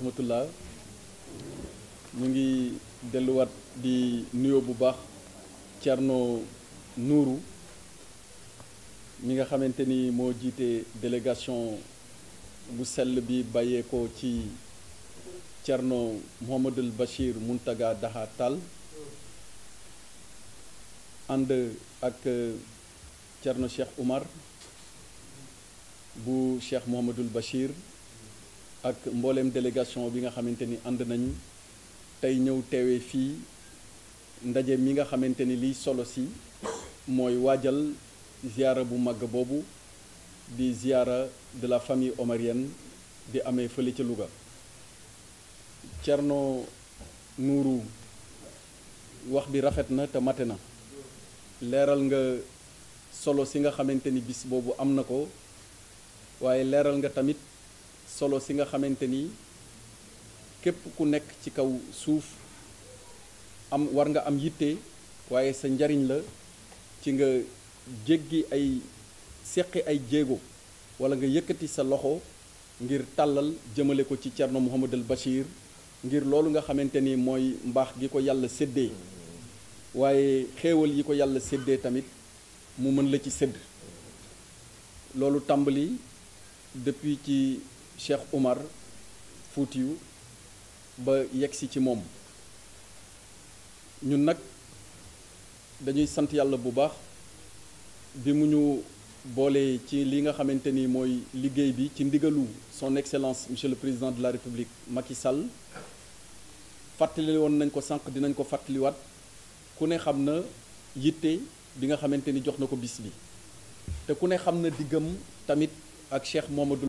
rahmatullah ñu ngi wat di nuyo bu baax de Nourou mi nga xamanteni mo jité délégation bu sel bi ko ci Bachir Muntaga Daha ak Cheikh Omar, bu Cheikh Mohamedul Bachir ak mbooleem délégation bi nga xamanteni and nañ tay ñew téwé fi ndaje mi nga xamanteni li solo si moy bu mag bobu di ziarah de la famille omarienne di amé feulé ci Louga Cerno nuru wax bi rafet na te matena leral nga solo si nga xamanteni bis bobu am ko waye leral nga tamit solo si nga xamante ni képp ku nekk ci kaw suuf am war nga am yitte waaye sa njariñ la ci nga jéggi ay seqi ay jéego wala nga yëkkati sa loxo ngir tàllal jëmale ko ci Thierno Mouhamadul Bachir ngir loolu nga xamante ni mooy mbaax gi ko yàlla séddee waaye xéewal yi ko yàlla séddee tamit mu mën la ci sédd loolu tàmbali depuis ci Cheikh Omar Foutiou ba yexi ci mom ñun nak dañuy sante yalla bu baax bi mu ñu boolee ci li nga xamanteni moy liggéey bi ci ndigalou son excellence monsieur le président de la république Macky Sall fàttali won nañ ko sank dinañ ko wat ku ne xamna na bi nga xamanteni jox ko bis bi té ku ne xamna digëm tamit ak Cheikh Momadou